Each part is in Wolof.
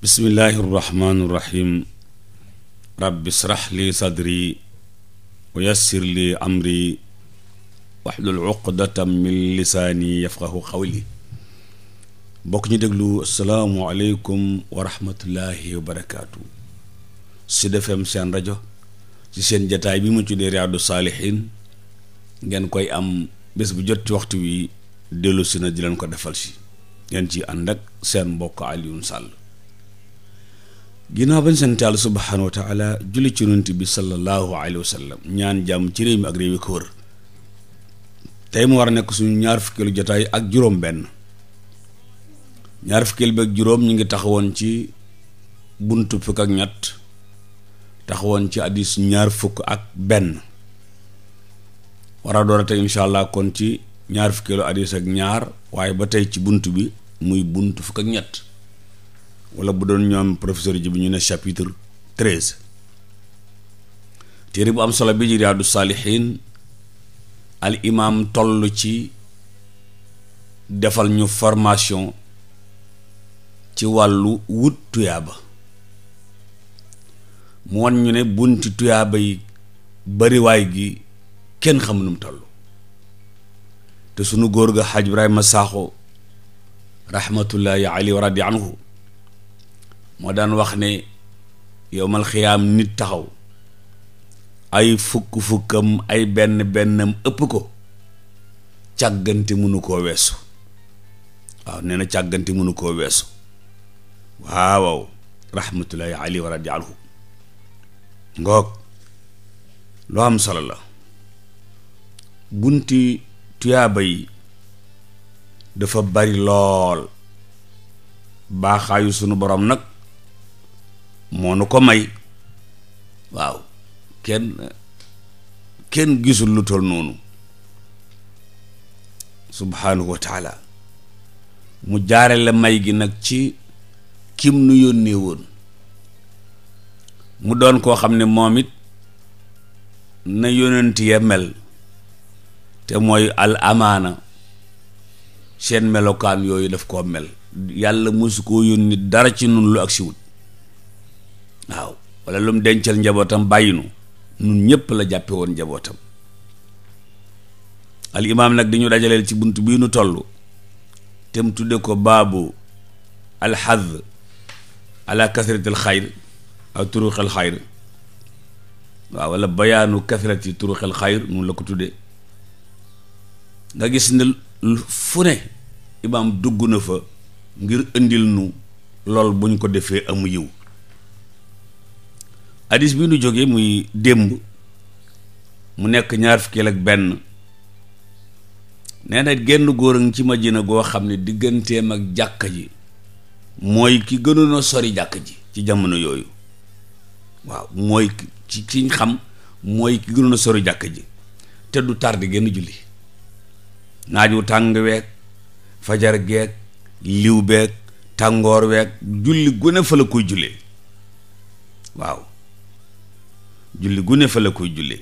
bismillaahi rahmaani rahiim rabbi israh li sadri wa yassir li amri waxlul uqdatam min lisaani yafqahu qawli bokk ñu déglu asalaamu aleykum wa rahmatullaahi wa barakaatu seen rajo ci seen jataay bi mu tuddee Riyadou Salihine ngeen koy am bés bu jot waxtu wi dellu si na di leen ko defal si ngeen ci àndak seen mbokk Alioune Sall ginnaaw bañ sant yàlla subhaanahu wa taala julli ci yonent bi sallallahu alayhi wa sallam ñaan jàmm ci réew mi ak réew yi ko wër tey mu war a nekk suñu ñaar fukkeelu jotaay ak juróom benn ñaar fukkeel bi ak juróom ñu ngi taxawoon ci buntu fukk ak ñett taxawoon ci addis ñaar fukk ak benn war a door tey incha allah kon ci ñaar fukkeelu addis ak ñaar waaye ba tey ci bunt bi muy buntu fukk ak ñett wala bu doon ñoom professeur ji bu ñu ne chapitre treize bu am solo bi ji riyaadu saalihiin al imaam toll ci defal ñu formation ci wàllu wut tuyaaba mu wan ñu ne bunti tuyaaba yi bariwaay gi kenn xam nu toll te sunu góor ga xaaj Ibrahima Sakho rahmatullahi alayhi wa radi anhu moo daan wax ne yowmal xiyaam nit taxaw ay fukk-fukkam ay benn bennam ëpp ko càggante mënu koo weesu waaw nee na càggante mënu koo weesu waaw rahmatullahi ali wa radi ngoog loo am solo la bunti tuyaaba yi dafa bari lool baaxaayu sunu boroom nag moo nu ko may waaw kenn kenn gisul lu tol noonu subhaanahu wa mu jaare may gi nag ci kim nu yónnee woon mu doon koo xam ne moom it na yónent ya mel te mooy al amaana seen melokaan yooyu daf koo mel yàlla mosu koo yónni dara ci nun lu ak siwut waaw wala lu mu dencal njabootam bàyyinu nun ñëpp la jàppee woon njabootam al imaam nag di ñu dajaleel ci bunt bii nu toll te mu tudde ko baabu alxad ala kasrati alxayr aw turuq alxayr waaw wala bayaanu kasrati turuq alxayr nun la ko tuddee nga gis ne fu ne imaam dugg na fa ngir indil nu lool bu ñu ko defee amu yiw hadis bi nu jógee muy démb mu nekk ñaar fukkeel ak benn nee na genn góor a ngi ci Madina goo xam ne digganteem ak jàkka ji mooy ki gënoon a sori jàkka ji ci jamono yooyu waaw mooy sori jàkka ji te du tar tardé genn julli naaj wu tàng week fajar geeg liw beeg tàngoor week julli gune fa la koy jullee waaw julli gu ne fa la koy jullee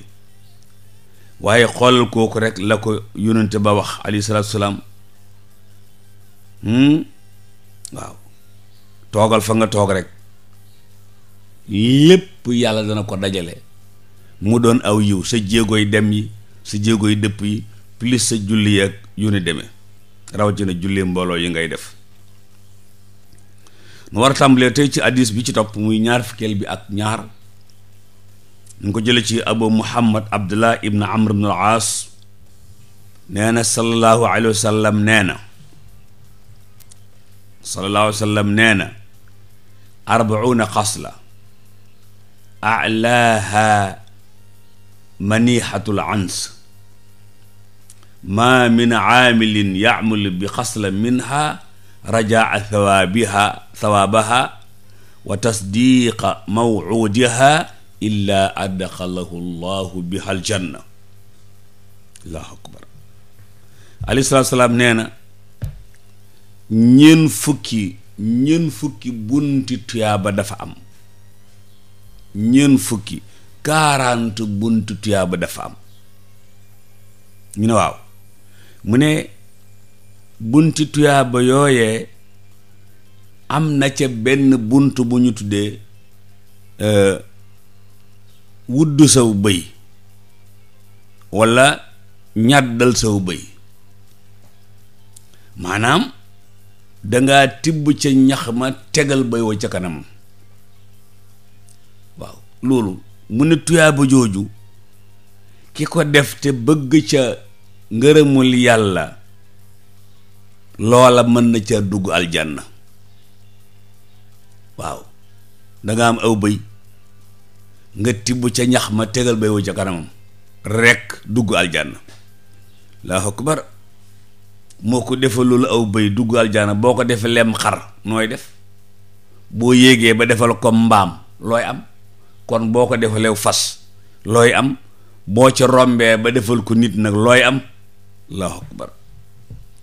waaye xoolal kooku rek la ko yónnante ba wax alayhi salaatu salaam hmm? waaw toogal fa nga toog rek lépp yàlla dana ko dajale mu doon aw yiw sa jéegooy dem yi sa jéegooy dëpp yi plus sa julli ak yu ni demee rawatina julli mbooloo yi ngay def nu war a tàmbalee tey ci hadis bi ci topp muy ñaar fukkeel bi ak ñaar ñu ko jële ci abu muhammad abdullah ibn amr ibn al aas nee na sallallahu alayhi wa sallam nee na sallallahu alayhi wa sallam nee na arbauna xasla alaaha manihatul ans maa min aamilin yaamalu bi xasla minha rajaa thawaabiha thawaabaha wa tasdiqa mawuudiha illaa adxalahu llahu bihal janna allahu akbar alayhi salaam nee na ñeen fukki ñeen fukki bunti tuyaaba dafa am ñeen fukki quarante bunti tuyaaba dafa am ñu ne waaw mu ne bunti tuyaaba yooyee am na ca benn bunt bu ñu tuddee euh, wudd saw bëy walla ñàddal saw bëy maanaam dangaa tibb ca ñax ma tegal bëy wa ca kanamam waaw loolu mu ne tuyaaba jooju ki ko def te bëgg ca ngërëmul yàlla loola mën na ca dugg aljanna waaw danga am aw bëy nga tibb ca ñax ma tegal bay wu ca kanamam rekk dugg aljanna allahu akbar moo ko defalul aw bëy dugg aljaana boo ko defee lem xar nooy def boo yéegee ba defal ko mbaam looy am kon boo ko defalew fas looy am boo ci rombee ba defal ko nit nag looy am allahu akbar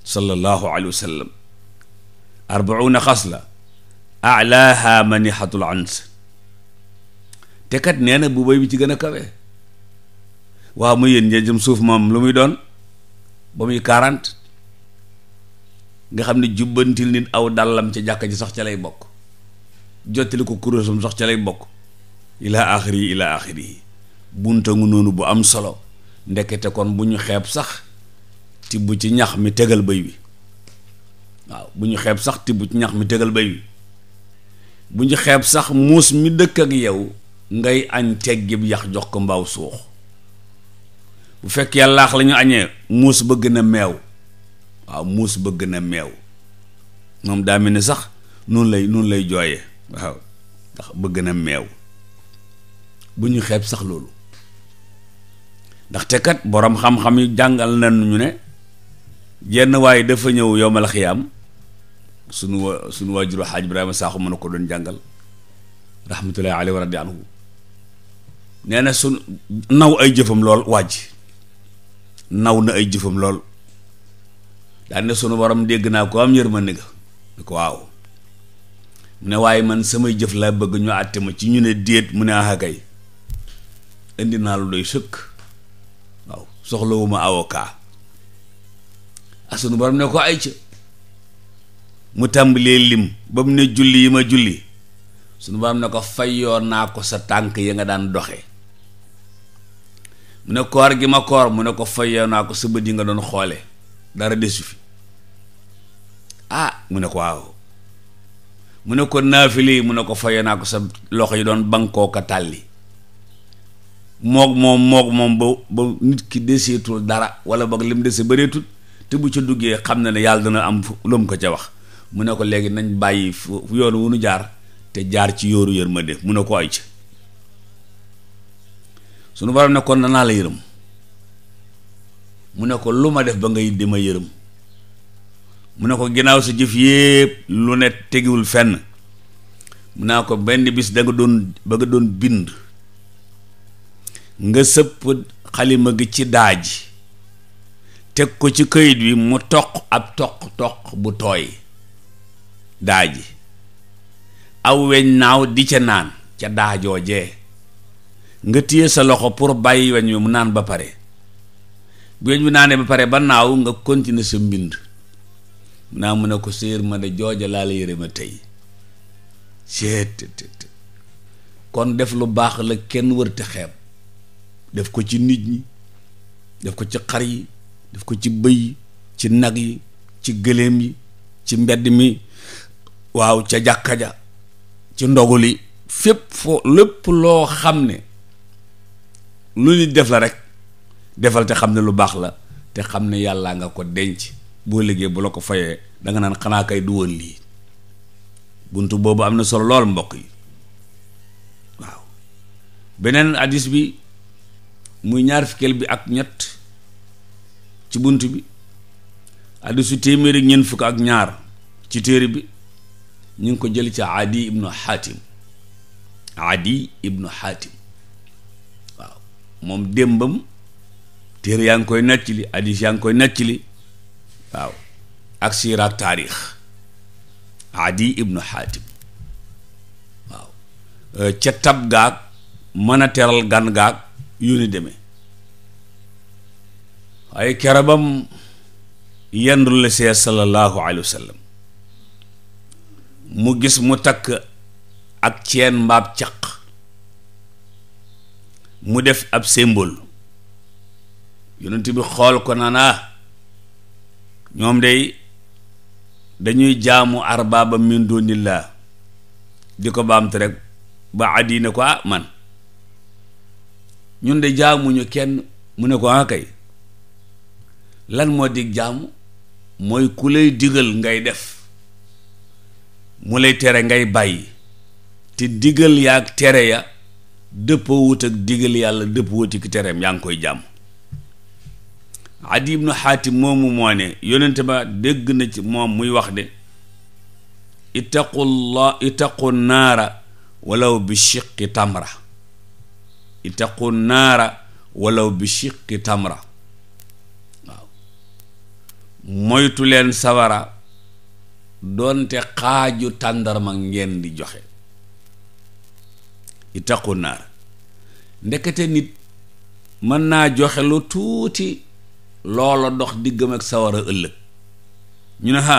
sallallahu alayhi wa sallam arbauna xasla alaaha manihatul ans te kat nee na bu bay bi ci gën a kawe waaw mu yéen njëjëm suuf moom lu muy doon ba muy quarante nga xam ne jubbantil nit aw dàllam ca jàkka ji sax ca lay bokk jottali ko kurusam sax ca lay bokk ilaa axiri yi ilaa axiri yi bunta ngu noonu bu am solo ndekkete kon bu ñu xeeb sax tibb ci ñax mi tegal bay bi waaw bu ñu xeeb sax tibb ci ñax mi tegal bay bi bu ñu xeeb sax muus mi dëkk ak yow ngay añ teggib yax jox ko mbaaw suux bu fekkee laax lañu ñu añee muus bëgg na meew waaw muus bëgg na meew moom daa mel ni sax noonu lay noonu lay jooye waaw ndax bëgg na meew bu ñu xeeb sax loolu ndaxte kat boroom xam-xam yi jàngal nañu ne jenn waaye dafa ñëw yowmal xiyaam sunu wa sunu waajuru xaaj Ibrahima Saaxu mën na ko doon jàngal rahmatullahi alayhi wa radi anhu nee na su naw ay jëfam lool wàjj naw na ay jëfam lool daan ne sunu borom dégg naa ko am yërmande ga ne ko ne waaye man samay jëf laa bëgg ñu ma ci ñu ne déet mu ne ah kay indi naa lu doy sëkk waaw ah sunu borom ne ko ay ca mu tàmbalee lim ba mu ne julli yi ma julli sunu borom ne ko fayoon naa ko sa tànk yi nga daan doxe mu ne koor gi ma koor mu ne ko fayee naa ko sa bët yi nga doon xoole dara desu fi ah mu ne ko waaw mu ne ko naafili mu ne ko fayee naa ko sa loxo yi doon bankoo ko tàlli moog moom moog moom ba ba nit ki deseetul dara wala boog lim dese bëreetul te bu ca duggee xam na ne yàlla dana am lom ko ca wax mu ne ko léegi nañ bàyyi fu yoon wu nu jaar te jaar ci yooru yóoru yërmande mu ne ko ay ca sunu borom ne kon danaa la yërëm mu ne ko lu ma def ba ngay di ma yërëm mu ne ko ginnaaw sa jëf yépp lu ne tegiwul fenn mu naa ko benn bis da doon ba nga doon bind nga sëpp xalima gi ci daaji teg ko ci këyit bi mu toq ab toq toq bu tooy daaji aw weñ naaw di ca naan ca daajoo jee nga téye sa loxo pour bàyyi weñ wi mu naan ba pare bu weñ wi naanee ba pare ba naaw nga continuer sa mbind naa mu ne ko sa yërmande jooja laa la yërëma tey seet kon def lu baax la kenn wërte xeeb def ko ci nit ñi def ko ci xar yi def ko ci bëy yi ci nag yi ci gëléem yi ci mbedd mi waaw ca jàkka ja ci ndogul yi fépp foo lépp loo xam ne lu nit def la rek defal te xam ne lu baax la te xam ne yàlla nga ko denc boo liggéey bu la ko fayee danga naan xanaa kay du woon lii bunt boobu am na solo lool mbokk yi waaw beneen hadis bi muy ñaar fikkeel bi ak ñett ci bunt bi hadisu téeméeri ñeent fukk ak ñaar ci téere bi ñu ngi ko jël ci adi ibnu xaatim adi ibnu xaatim moom démbam téere yaa ngi koy nettali hadis yaa ngi koy nettali waaw ak siiraak taarix adi ibnu xaatim waaw euh, ca tab gaag mën a teral gan gaag yu ni demee waaye kerabam yendul la see sallallahu alayhi wa mu gis mu takk ak ceen mbaab caq mu def ab symbole yonent bi xool ko nana ah, ñoom day dañuy jaamu arbaaba min dunillah di ko baamte rek ba àddina ko ah man ñun de jaamuñu kenn mu ne ko ah kay lan moo dig jaamu mooy ku lay digal ngay def mu lay tere ngay bàyyi te digal yaag tere ya dëppoo wut ak digal yàlla dëpp wut ak tereem yaa ngi koy jàmm Adi ibnu Xaatim moomu moo ne yonente ba dégg na ci moom muy wax de ittaqullah ittaqu naara walaw bi tamra ittaqu naara walaw bi shiqi tamra waaw moytu leen sawara doonte xaaju tàndarma ngeen di joxe ittaqu naar ndekete nit mën naa joxe lu tuuti loola dox diggam ak sawara ëllëg ñu ne ha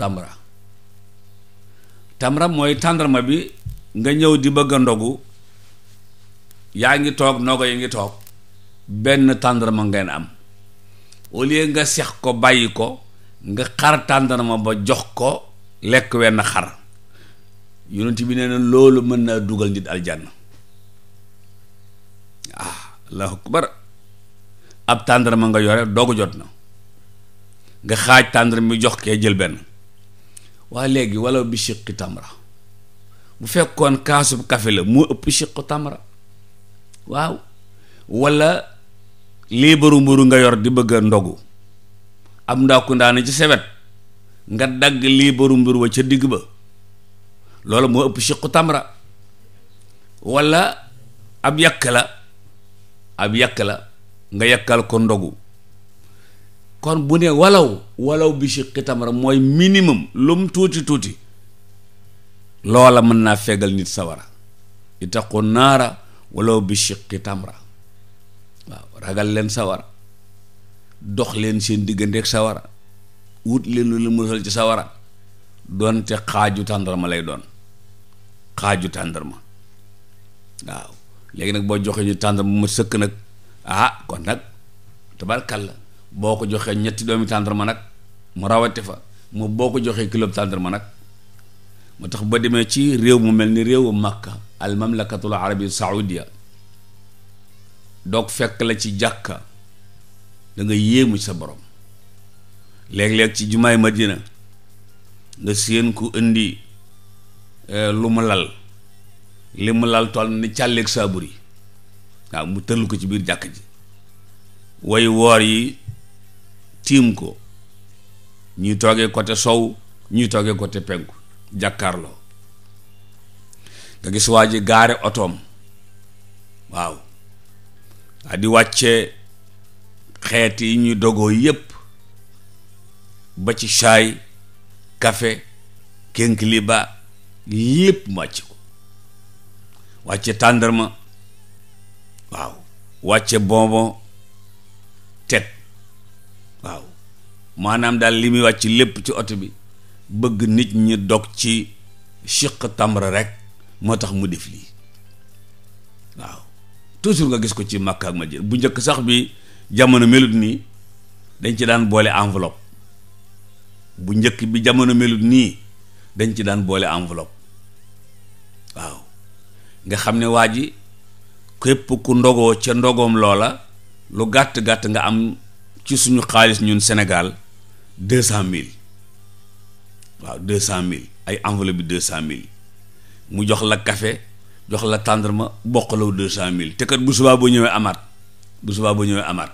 tamra tamra mooy tàndarma bi nga ñëw di bëgg ndogu yaa ngi toog ndogo yi ngi toog benn tàndarma ngeen am au lieu nga sex ko bàyyi ko nga xar tàndarma ba jox ko lekk wenn xar yonent bi nee na loolu mën naa dugal nit aljanna ah allahu akbar ab tàndarma nga yore doog jot na nga xaaj tàndarma bi jox kee jël benn waaye léegi wala bi siqi bu fekkoon kaasu kafe la moo ëpp siqu tamra waaw wala liibaru mburu nga yor di bëgg a ndogu am ndaaku ndaana ci sewet nga dagg lii baru mburu wa ca digg ba loolu moo ëpp siqu tamra wala ab yàkk la ab yàkk la nga yàkkal ko ndogu kon bu ne wallaw walaw bi siqi tamra mooy minimum lum tuuti tuuti loola mën naa fegal nit sawara itaqu naara walaw bi siqi tamra waaw ragal leen sawara dox leen seen digganteeg sawara wut leen lu lu musal ci sawara doonte xaaju ma lay doon xaaju tàndarma waaw léegi nag boo joxee ñu tàndarma mu sëkk nag ah kon nag la boo ko joxee ñetti doomi tàndarma nag mu rawate fa mu boo ko joxee kilo tàndarma nag mu tax ba demee ci réew mu mel ni réewu Makka al mamlakatul arabi saudia doog fekk la ci jàkka da nga yéemu sa borom léeg-léeg ci jumaay Madina nga séen ku indi Eh, lu mu lal li mu lal toll ni càlleeg saabur yi waaw mu tëll ko ci biir jàkk ji way woor yi tiim ko ñuy toogee côté sow ñuy toogee côté penku jàkkaarloo nga gis waa ji gaare otoom waaw waa di wàcce xeet yi ñuy dogoo yépp ba ci saay kafe kénkiliba lépp màcc ko wàcce tàndarma waaw wàcce bonbon teg waaw maanaam daal li muy wàcc lépp ci oto bi bëgg nit ñi dog ci chiq tamra rek moo tax mu def lii waaw toujours nga gis ko ci Makka ak Madina bu njëkk sax bi jamono melut nii dañ ci daan boole enveloppe bu njëkk bi jamono melut nii dañ ci daan boole enveloppe waaw nga xam ne waa ji képp ku ndogoo ca ndogoom loola lu gàtt-gàtt nga am ci suñu xaalis ñun senegal deux cent mille waaw deux cent mille ay enveloppe bi deux cent mille mu jox la kafe jox la tendrema boqalaw deux cent mille te kër bu subaa boo ñëwee amaat bu subaa boo ñëwee amaat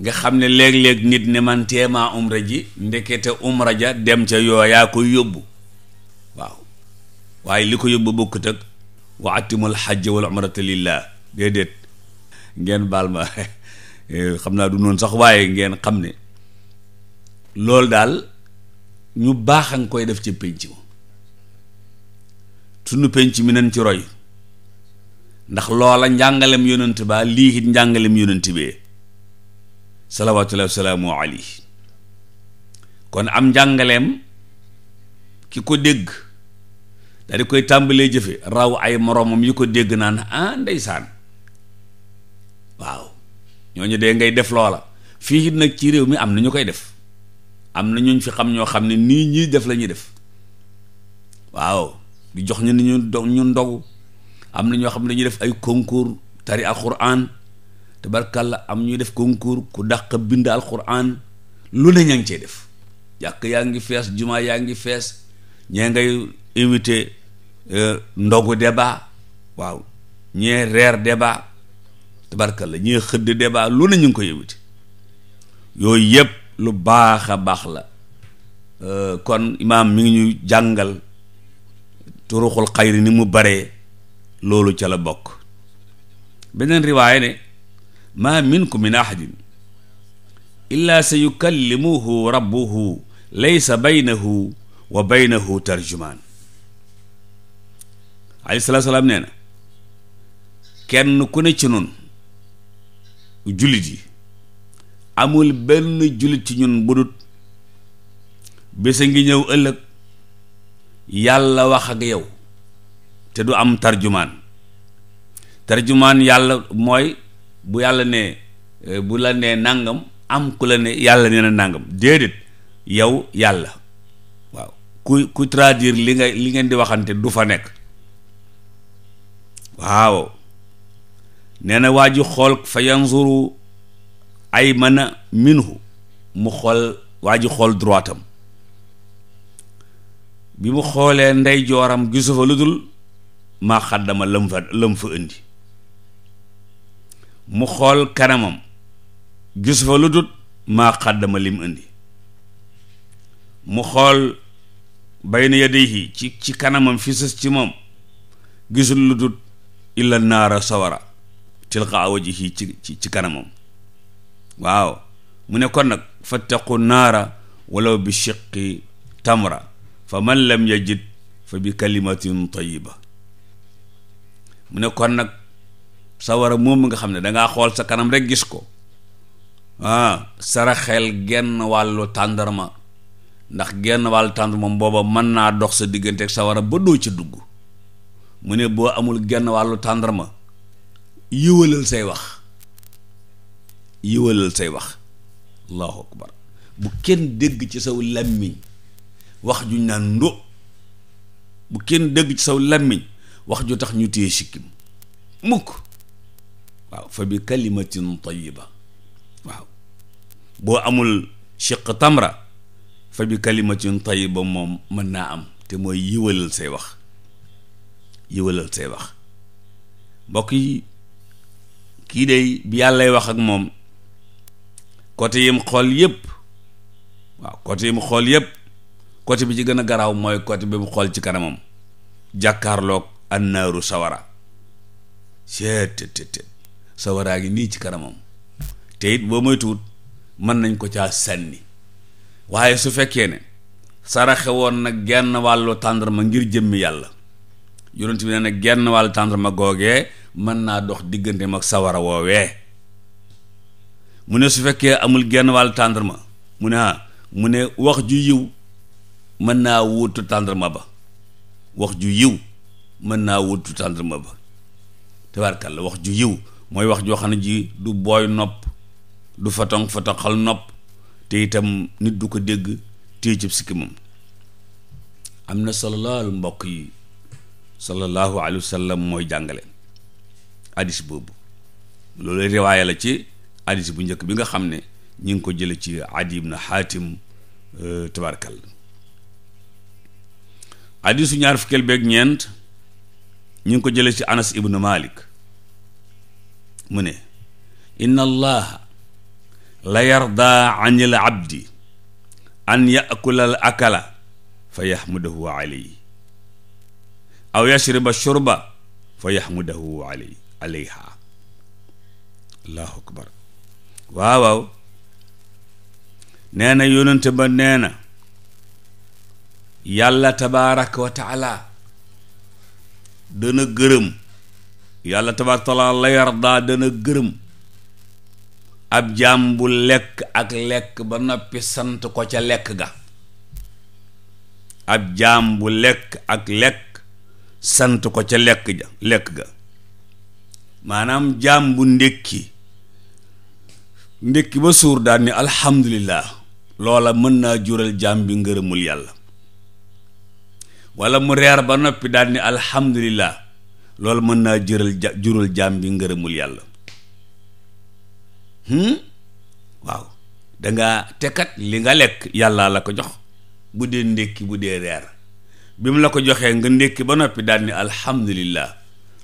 nga xam ne léeg-léeg nit ne man teemaa umra ji ndekete umra ja dem ca yaa koy yóbbu waaye li ko yóbbu bokkut ak wa atimul xajj wal umrata lillah ngeen baal ma eh, xam naa du noon sax waaye ngeen xam ne loolu daal ñu baaxa a nga koy def ci pénc ma sunu pénc mi nañ ci roy ndax loola njàngalem yonent ba lii it njàngalem yonent bee salawaatullahi wasalaamu alayhi kon am njàngaleem ki ko dégg daal koy tàmbalee jëfe raw ay moromam yu ko dégg naan ah ndeysaan waaw ñoo ñu dee ngay def loola fii it nag ci réew mi am na ñu koy def am na ñuñ fi xam ñoo xam ne nii ñiy def lañuy def waaw di jox ñu ni ñu do am na ñoo xam ne dañuy def ay concours tari alquran tabarkàlla am ñuy def concours ku dàq bind alquran lu ne ña ngi cee def jàkk yaa ngi fees jumaa yaa ngi fees ñee ngay invité Euh, ndogu débat waaw ñee reer débat tabarkalla ñee xëdd débat lu ne ñu ngi ko yëwiti yooyu yëpp lu baax a baax la euh, kon imaam mi ngi ñu jàngal turuxul xayri ni mu baree loolu ca la bokk beneen riwaaya ne maa minkum min ahadin illa sa yukallimuhu rabbuhu laysa baynahu wa baynahu tarjumaan alayhi salaatu nee na kenn ku ne ci nun jullit yi amul benn jullit ci ñun budut bés a ngi ñëw ëllëg yàlla wax ak yow te du am tarjumaan tarjumaan yàlla mooy bu yàlla ne eh, bu la nee nàngam am ku la ne yàlla nee na nàngam déedéet yow yàlla waaw ku ku traduire li nga li ngeen di waxante du fa nekk waaw neena na waa ji xool fa yanzuru ay mana minhu mu xool waa ji xool droitam bi mu xoolee ndey jooram gisu fa lu maa xaddama lëm lëm fa indi mu xool kanamam gisu fa lu dul maa xaddama lim indi mu xool bayna yadayhi ci ci kanamam fi sës ci moom gisul lu illa naara sawara tilqaa ji ci ci ci kanamam waaw mu ne kon nag fattaqu naara walaw bi shiqqi tamra fa man lam yajid fa bi kalimatin tayiba mu ne kon nag sawara moom mu nga xam ne dangaa xool sa kanam rek gis ko ah saraxel genn wàllu tàndarma ndax genn wàllu tàndarma mboobam mën naa dox sa diggante ak sawara ba doo ci dugg mu ne boo amul genn wàllu tàndarma yiwalal say wax yiwalal say wax allahu akbar bu kenn dégg ci saw làmmiñ wax ju naan ndo bu kenn dégg ci saw làmmiñ wax ju tax ñu téye sikkim mukk waaw fa kalimatin tayiba waaw boo amul chiq tamra fa bi kalimatin tayiba moom mën naa am te mooy yiwalal say wax yiwalal say wax mbokk yi kii dey bi yàllay wax ak moom côté yim xool yépp waaw côté yim xool yëpp côté bi ci gën a garaaw mooy côté bi mu xool ci kanamam jàkkaarloog annaaru sawara seet sawaraa gi nii ci kanamam te it boo moytuwut mën nañ ko caa sànni waaye su fekkee ne saraxe woon nag genn wàllu tàndarma ngir jëmmi yàlla yonent bi nee na genn wàll tàndarma googee mën naa dox digganteem ak sawara woowee mu ne su fekkee amul genn wàll tàndarma mu ne ah mu ne wax ju yiw mën naa wuutu tàndarma ba wax ju yiw mën naa wuutu tàndarma ba tabaarkalla wax ju yiw mooy wax joo xam ne ji du booy nopp du fatong fatoxal nopp te itam nit du ko dégg téye ci sikkimam am na solo lool mbokk yi sallallahu alayhi wa sallam mooy jàngale hadis boobu loolu riwaaya la ci hadis bu njëkk bi nga xam ne ñu ngi ko jële ci adi ibn xaatim euh, tabarkalla hadisu ñaar fukkeel beeg ñeent ñu ngi ko jële ci anas ibn malik mu ne inna allaha la yarda an al abdi an yakula al akala fa yaxmudahu alayhi aw yashriba shurba fa yaxmudahu alay alayha allahu waaw waaw nee na ba neena yàlla tabaaraka wa taala dana gërëm yàlla tabaaraka wa taala la yardaa dana gërëm ab jaam bu lekk ak lekk ba noppi sant ko ca lekk ga ab jaam bu lekk ak lekk sant ko ca lekk ja lekk ga maanaam jaam bu ndékki ndékki ba suur daal ni alhamdulillah loola mën naa jural jaam bi ngërëmul yàlla wala mu reer ba noppi daal ni loolu mën naa jural jural jaam bi ngërëmul yàlla hmm? waaw danga te li nga lekk yàllaa la ko jox bu dee ndékki bu dee reer bi mu la ko joxee nga ndékki ba noppi daal ni alhamdulillah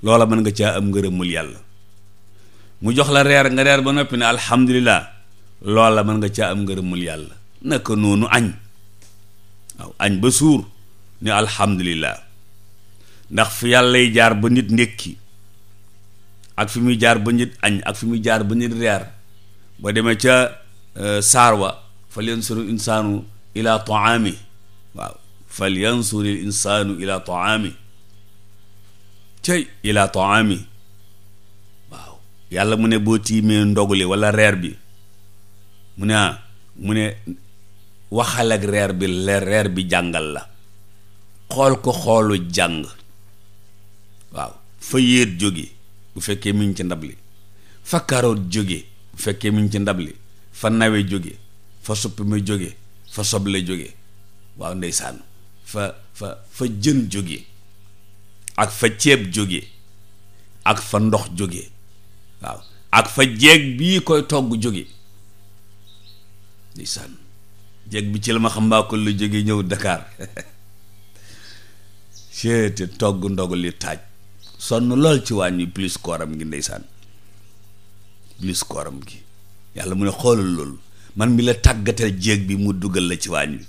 loola mën nga caa am ngërëmul yàlla mu jox la reer nga reer ba noppi ne alhamdulillah loola mën nga caa am ngërëmul yàlla naka noonu añ añ ba suur ni alhamdulillah ndax fi yàllay jaar ba nit ndékki ak fi muy jaar ba nit añ ak fi muy jaar ba nit reer ba demee ca euh, saar wa fa leen suru insaanu ila taami falyansuri l insaanu ila taami cey ila taami waaw yàlla mu ne boo tiimee ndoguli walla reer bi mu ne ah mu ne waxal ak reer bi le reer bi jàngal la xool ko xoolu jàng waaw fa yéet jóge bu fekkee mi ngi ci ndab li fa karoot jóge bu fekkee mi ngi ci ndab li fa nawe jóge fa suppi jóge fa soble jóge waaw ndeysaan fa fa fa jën jóge ak fa ceeb jóge ak fa ndox jóge waaw ak fa jéeg bii koy togg jóge ndeysaan jeeg bi ci la ma xam mbaa ko la jóge ñëw dakaar seete togg ndog li taaj sonn lool ci wàññi plus kooram gi ndeysaan plus kooram gi yàlla mu ne xoolal loolu man mi la tàggatal jéeg bi mu dugal la ci waañ wi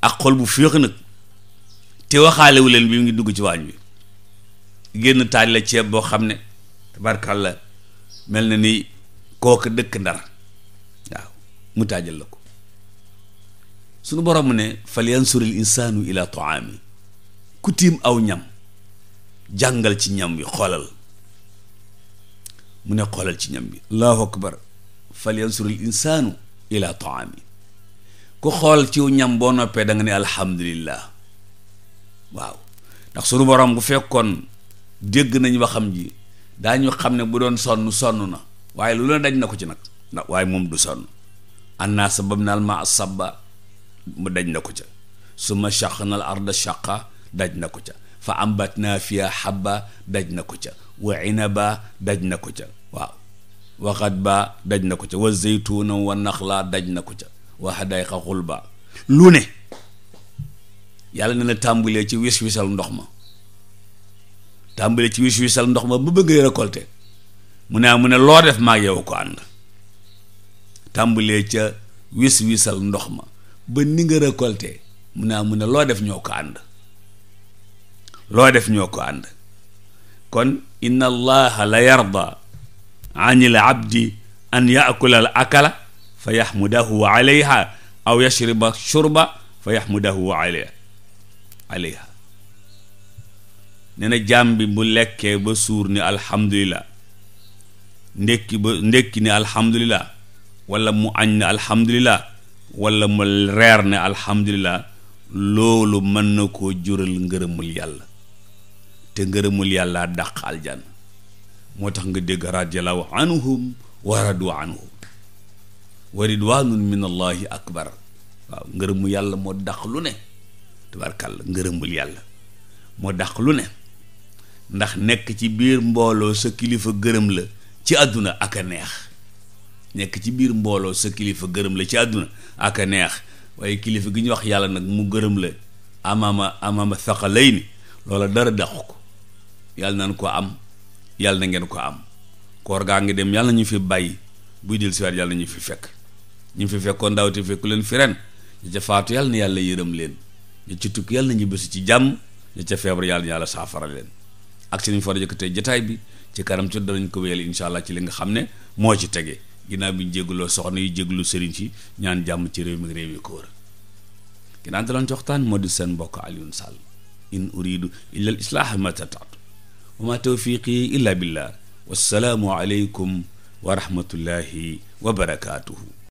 ak xol bu féex nag te waxaalewu leen bi mu ngi dugg ci waañ wi génn taaj la ceeb boo xam ne tabarkàlla mel na ni kooka dëkk ndar waaw mu taajal la ko sunu borom mu ne fal yansuril insaanu ila taami ku tiim aw ñam jàngal ci ñam bi xoolal mu ne xoolal ci ñam bi allahu akbar fal yansuril insaanu ila taami ku xool ciw ñam boo noppee danga nga ne alhamdulillah waaw ndax sunu borom bu fekkoon dégg nañ xam ji daañu xam ne bu doon sonn sonn na waaye lu la daj na ko ci nag ndax waaye moom du sonn annaa sabab naa ma sabba mu daj na ko ca suma shaq naal daj na ko ca fa ambat naa fiya habba daj na ko ca wa daj na ko ca waaw waxat ba daj na ko ca wa zeytuna wa naxla daj na ko ca waxaday xa xulba lu ne yàlla na la tàmbalee ci wis wisal ndox ma tàmbalee ci wis wisal ndox ma ba bëggee récolter mu naa ah, mu ne loo def maa yow ko ànd tàmbalee ca wis wisal ndox ma ba ni nga récolter mu naa ah, mu ne loo def ñoo ko ànd loo def ñoo ko ànd kon inna allaha la yarda anil abdi an yaakula al akala fa yaxmudahu alayha aw yashriba shurba fa yaxmudahu alayha alayha nee na jaam bi bu lekkee ba suur ni alhamdulillah ndékki ba ndékki ni alhamdulillah wala mu añ ne alhamdulillah wala mu reer ne alhamdulillah loolu mën na ko jural ngërëmul yàlla te ngërëmul yàlla dàq aljanna moo tax nga dégg radiallahu wa radu anhum wa ridwanun min allahi akbar waaw ngërëmu yàlla moo dàq lu ne tabarkàlla ngërëmul yàlla moo dàq lu ne ndax nekk ci biir mbooloo sa kilifa gërëm la ci àdduna ak a neex nekk ci biir mbooloo sa kilifa gërëm la ci àdduna ak a neex waaye kilifa gi ñu wax yàlla nag mu gërëm la amaama amaama thaqalayni loola dara dàqu ko yàlla nañ ko am yàlla na ngeen ko am koor gaa ngi dem yàlla na ñu fi bàyyi buy del siwaat yàlla na ñu fi fekk ñu fi fekkoon ndaw te fekku leen fi ren ñi ca faatu yàlla na yàlla yërëm leen ñu ci tukki yàlla na ñu ñibbisi ci jàmm ñi ca feebar yàlla na yàlla saafara leen ak si nañ fa jëkk tey jataay bi ci kanam ci danañ ko wéyal incha allah ci li nga xam ne moo ci tege ginnaaw bi ñu jégloo soxna yi jéglu sëriñ si ñaan jàmm ci réew mi réew yi ko wër ginnaaw dalañ ci moo di seen mbokk Alioune Sall in uridu illa al islaaha ma tataatu wa ma tawfiqi illa billah wassalaamu aleykum wa rahmatullahi wa